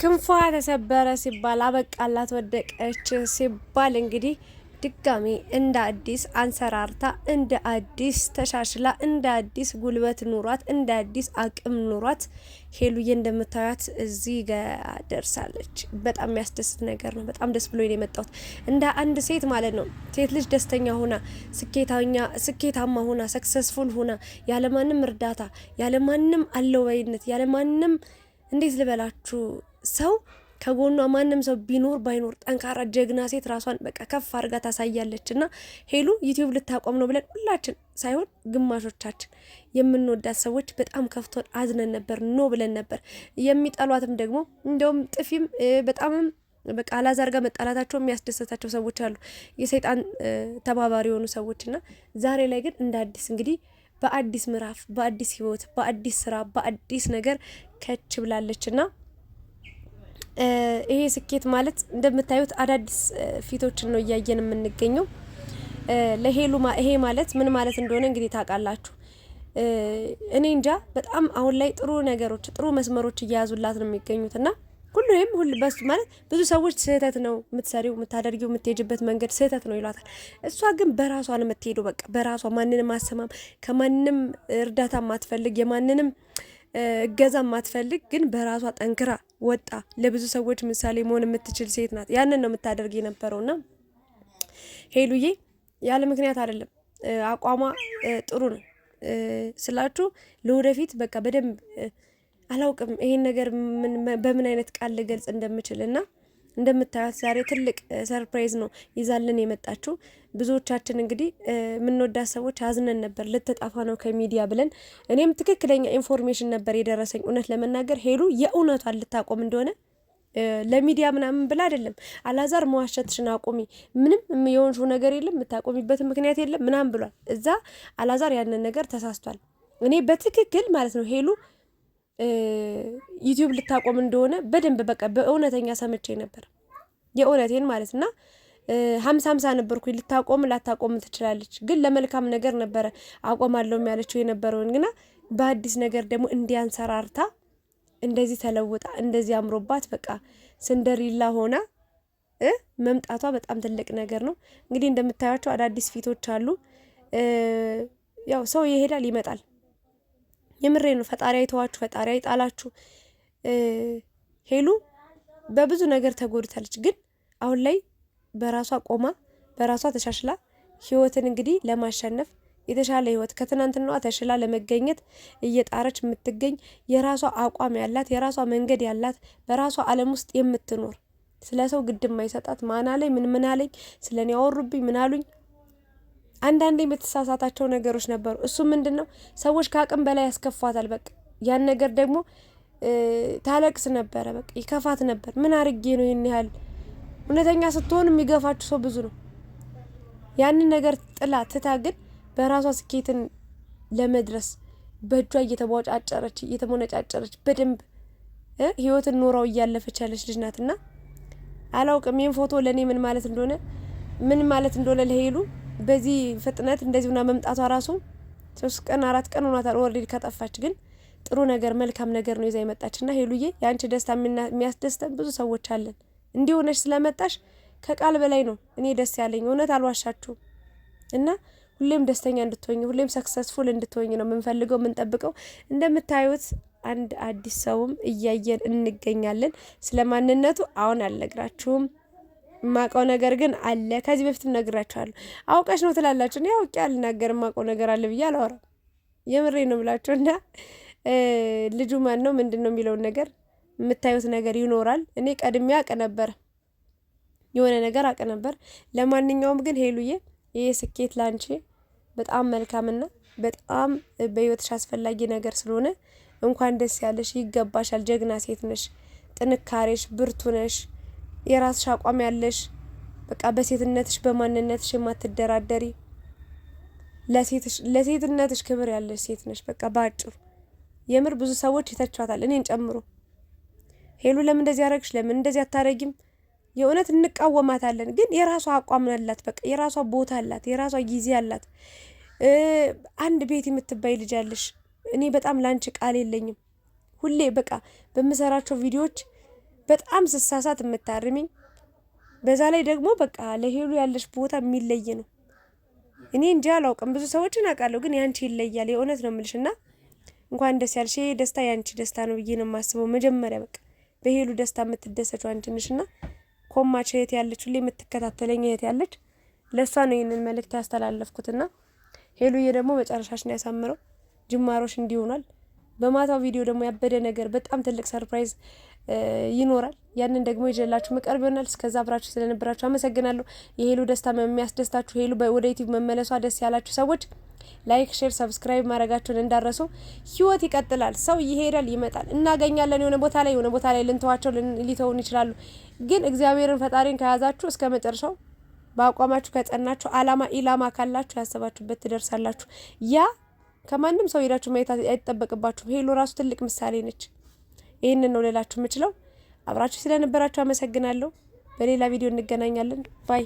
ክንፏ ተሰበረ ሲባል አበቃላት ወደቀች ሲባል እንግዲህ ድጋሚ እንደ አዲስ አንሰራርታ እንደ አዲስ ተሻሽላ እንደ አዲስ ጉልበት ኑሯት እንደ አዲስ አቅም ኑሯት ሄሉዬ እንደምታዩት እዚህ ጋ ደርሳለች። በጣም የሚያስደስት ነገር ነው። በጣም ደስ ብሎ የመጣሁት እንደ አንድ ሴት ማለት ነው። ሴት ልጅ ደስተኛ ሆና ስኬታኛ ስኬታማ ሆና ሰክሰስፉል ሆና ያለማንም እርዳታ ያለማንም አለወይነት ያለማንም እንዴት ልበላችሁ ሰው ከጎኗ ማንም ሰው ቢኖር ባይኖር ጠንካራ ጀግና ሴት ራሷን በቃ ከፍ አድርጋ ታሳያለች። እና ሄሉ ዩቲዩብ ልታቆም ነው ብለን ሁላችን ሳይሆን ግማሾቻችን የምንወዳት ሰዎች በጣም ከፍቶን አዝነን ነበር፣ ኖ ብለን ነበር። የሚጠሏትም ደግሞ እንደውም ጥፊም በጣምም በቃ አላዛር ጋር መጣላታቸው የሚያስደሰታቸው ሰዎች አሉ፣ የሰይጣን ተባባሪ የሆኑ ሰዎች እና ዛሬ ላይ ግን እንደ አዲስ እንግዲህ በአዲስ ምዕራፍ፣ በአዲስ ህይወት፣ በአዲስ ስራ፣ በአዲስ ነገር ከች ብላለች እና ይሄ ስኬት ማለት እንደምታዩት አዳዲስ ፊቶችን ነው እያየን የምንገኘው። ለሄሉ ይሄ ማለት ምን ማለት እንደሆነ እንግዲህ ታውቃላችሁ። እኔ እንጃ በጣም አሁን ላይ ጥሩ ነገሮች ጥሩ መስመሮች እየያዙላት ነው የሚገኙት እና ይህም ሁሉ በሱ ማለት ብዙ ሰዎች ስህተት ነው የምትሰሪው፣ የምታደርጊው፣ የምትሄጅበት መንገድ ስህተት ነው ይሏታል። እሷ ግን በራሷ ነው የምትሄደው። በቃ በራሷ ማንንም አሰማም ከማንም እርዳታ ማትፈልግ የማንንም እገዛ ማትፈልግ ግን በራሷ ጠንክራ ወጣ ለብዙ ሰዎች ምሳሌ መሆን የምትችል ሴት ናት። ያንን ነው የምታደርግ የነበረውና ሄሉዬ ያለ ምክንያት አይደለም። አቋሟ ጥሩ ነው ስላችሁ ለወደፊት በቃ በደንብ አላውቅም ይሄን ነገር በምን አይነት ቃል ልገልጽ እንደምችል እና እንደምታያት ዛሬ ትልቅ ሰርፕራይዝ ነው ይዛልን የመጣችው። ብዙዎቻችን እንግዲህ የምንወዳት ሰዎች አዝነን ነበር፣ ልትጠፋ ነው ከሚዲያ ብለን። እኔም ትክክለኛ ኢንፎርሜሽን ነበር የደረሰኝ። እውነት ለመናገር ሄሉ የእውነቷን ልታቆም እንደሆነ ለሚዲያ ምናምን ብላ አይደለም። አላዛር መዋሸትሽን አቁሚ፣ ምንም የሆንሽው ነገር የለም፣ የምታቆሚበት ምክንያት የለም ምናምን ብሏል። እዛ አላዛር ያንን ነገር ተሳስቷል። እኔ በትክክል ማለት ነው ሄሉ ዩቲዩብ ልታቆም እንደሆነ በደንብ በቃ በእውነተኛ ሰምቼ ነበር። የእውነቴን ማለት እና ሀምሳ ሀምሳ ነበርኩኝ። ልታቆም ላታቆም ትችላለች፣ ግን ለመልካም ነገር ነበረ አቆማለሁ ያለችው የነበረውን ግና በአዲስ ነገር ደግሞ እንዲያንሰራርታ እንደዚህ ተለውጣ እንደዚህ አምሮባት በቃ ስንደሪላ ሆና መምጣቷ በጣም ትልቅ ነገር ነው። እንግዲህ እንደምታያቸው አዳዲስ ፊቶች አሉ። ያው ሰው ይሄዳል ይመጣል። የምሬ ነው። ፈጣሪ አይተዋችሁ፣ ፈጣሪ አይጣላችሁ። ሄሉ በብዙ ነገር ተጎድታለች፣ ግን አሁን ላይ በራሷ ቆማ በራሷ ተሻሽላ ህይወትን እንግዲህ ለማሸነፍ የተሻለ ህይወት ከትናንትናዋ ተሽላ ለመገኘት እየጣረች የምትገኝ የራሷ አቋም ያላት የራሷ መንገድ ያላት በራሷ ዓለም ውስጥ የምትኖር ስለ ሰው ግድ ማና ላይ ምን ምን አለኝ ስለ እኔ ያወሩብኝ ምን አሉኝ አንዳንድ የምትሳሳታቸው ነገሮች ነበሩ። እሱ ምንድን ነው ሰዎች ከአቅም በላይ ያስከፏታል። በቃ ያን ነገር ደግሞ ታለቅስ ነበረ። በቃ ይከፋት ነበር። ምን አርጌ ነው ይህን ያህል? እውነተኛ ስትሆን የሚገፋችሁ ሰው ብዙ ነው። ያንን ነገር ጥላ ትታ ግን በራሷ ስኬትን ለመድረስ በእጇ እየተቧጫጨረች እየተሞነጫጨረች በደንብ ህይወትን ኖራው እያለፈች ያለች ልጅ ናት እና አላውቅም። ይህን ፎቶ ለእኔ ምን ማለት እንደሆነ ምን ማለት እንደሆነ ለሄሉ በዚህ ፍጥነት እንደዚህ ሆና መምጣቷ ራሱ ሶስት ቀን አራት ቀን ሆኗታል ኦልሬዲ ከጠፋች። ግን ጥሩ ነገር መልካም ነገር ነው ይዛ የመጣች እና ሄሉዬ የአንቺ ደስታ የሚያስደስተን ብዙ ሰዎች አለን። እንዲህ ሆነሽ ስለመጣሽ ከቃል በላይ ነው እኔ ደስ ያለኝ። እውነት አልዋሻችሁም እና ሁሌም ደስተኛ እንድትሆኝ ሁሌም ሰክሰስፉል እንድትሆኝ ነው የምንፈልገው የምንጠብቀው። እንደምታዩት አንድ አዲስ ሰውም እያየን እንገኛለን። ስለ ማንነቱ አሁን አልነግራችሁም። የማውቀው ነገር ግን አለ። ከዚህ በፊትም ነግራችኋለሁ። አውቀሽ ነው ትላላችሁ። እኔ አውቄ ያልናገር የማውቀው ነገር አለ ብዬ አላወራም። የምሬ ነው ብላችሁ እና ልጁ ማን ነው ምንድን ነው የሚለውን ነገር የምታዩት ነገር ይኖራል። እኔ ቀድሜ አውቅ ነበር፣ የሆነ ነገር አውቅ ነበር። ለማንኛውም ግን ሄሉዬ፣ ይህ ስኬት ላንቺ በጣም መልካምና በጣም በህይወትሽ አስፈላጊ ነገር ስለሆነ እንኳን ደስ ያለሽ። ይገባሻል። ጀግና ሴት ነሽ። ጥንካሬሽ ብርቱ ነሽ። የራስሽ አቋም ያለሽ በቃ በሴትነትሽ በማንነትሽ የማትደራደሪ ለሴትነትሽ ክብር ያለሽ ሴት ነሽ። በቃ በአጭሩ የምር ብዙ ሰዎች ይተቿታል፣ እኔን ጨምሮ። ሄሉ ለምን እንደዚህ ያደረግሽ? ለምን እንደዚህ አታረጊም? የእውነት እንቃወማታለን፣ ግን የራሷ አቋም አላት። በቃ የራሷ ቦታ አላት፣ የራሷ ጊዜ አላት። አንድ ቤት የምትባይ ልጅ አለሽ። እኔ በጣም ለአንቺ ቃል የለኝም። ሁሌ በቃ በምሰራቸው ቪዲዮዎች በጣም ስሳሳት የምታርሚኝ፣ በዛ ላይ ደግሞ በቃ ለሄሉ ያለሽ ቦታ የሚለይ ነው። እኔ እንጂ አላውቅም፣ ብዙ ሰዎችን አውቃለሁ፣ ግን ያንቺ ይለያል። የእውነት ነው የምልሽ እና እንኳን ደስ ያልሽ። ይሄ ደስታ ያንቺ ደስታ ነው ብዬ ነው የማስበው። መጀመሪያ በቃ በሄሉ ደስታ የምትደሰችው አንቺ ነሽ እና ኮማች እህት ያለች ሁሌ የምትከታተለኝ እህት ያለች ለእሷ ነው ይህንን መልእክት ያስተላለፍኩትና ሄሉዬ ደግሞ መጨረሻሽን ያሳምረው። ጅማሮሽ እንዲሆናል። በማታው ቪዲዮ ደግሞ ያበደ ነገር በጣም ትልቅ ሰርፕራይዝ ይኖራል። ያንን ደግሞ ይዤላችሁ መቀርብ ይሆናል። እስከዛ አብራችሁ ስለነበራችሁ አመሰግናለሁ። የሄሉ ደስታ የሚያስደስታችሁ ሄሉ ወደ ዩቲዩብ መመለሷ ደስ ያላችሁ ሰዎች ላይክ፣ ሼር፣ ሰብስክራይብ ማድረጋችሁን እንዳረሱ። ህይወት ይቀጥላል። ሰው ይሄዳል፣ ይመጣል። እናገኛለን። የሆነ ቦታ ላይ የሆነ ቦታ ላይ ልንተዋቸው ሊተውን ይችላሉ። ግን እግዚአብሔርን ፈጣሪን ከያዛችሁ እስከ መጨረሻው በአቋማችሁ ከጸናችሁ፣ አላማ ኢላማ ካላችሁ ያሰባችሁበት ትደርሳላችሁ። ያ ከማንም ሰው ሄዳችሁ ማየት አይጠበቅባችሁም። ሄሎ ራሱ ትልቅ ምሳሌ ነች። ይህንን ነው ልላችሁ የምችለው። አብራችሁ ስለነበራችሁ አመሰግናለሁ። በሌላ ቪዲዮ እንገናኛለን ባይ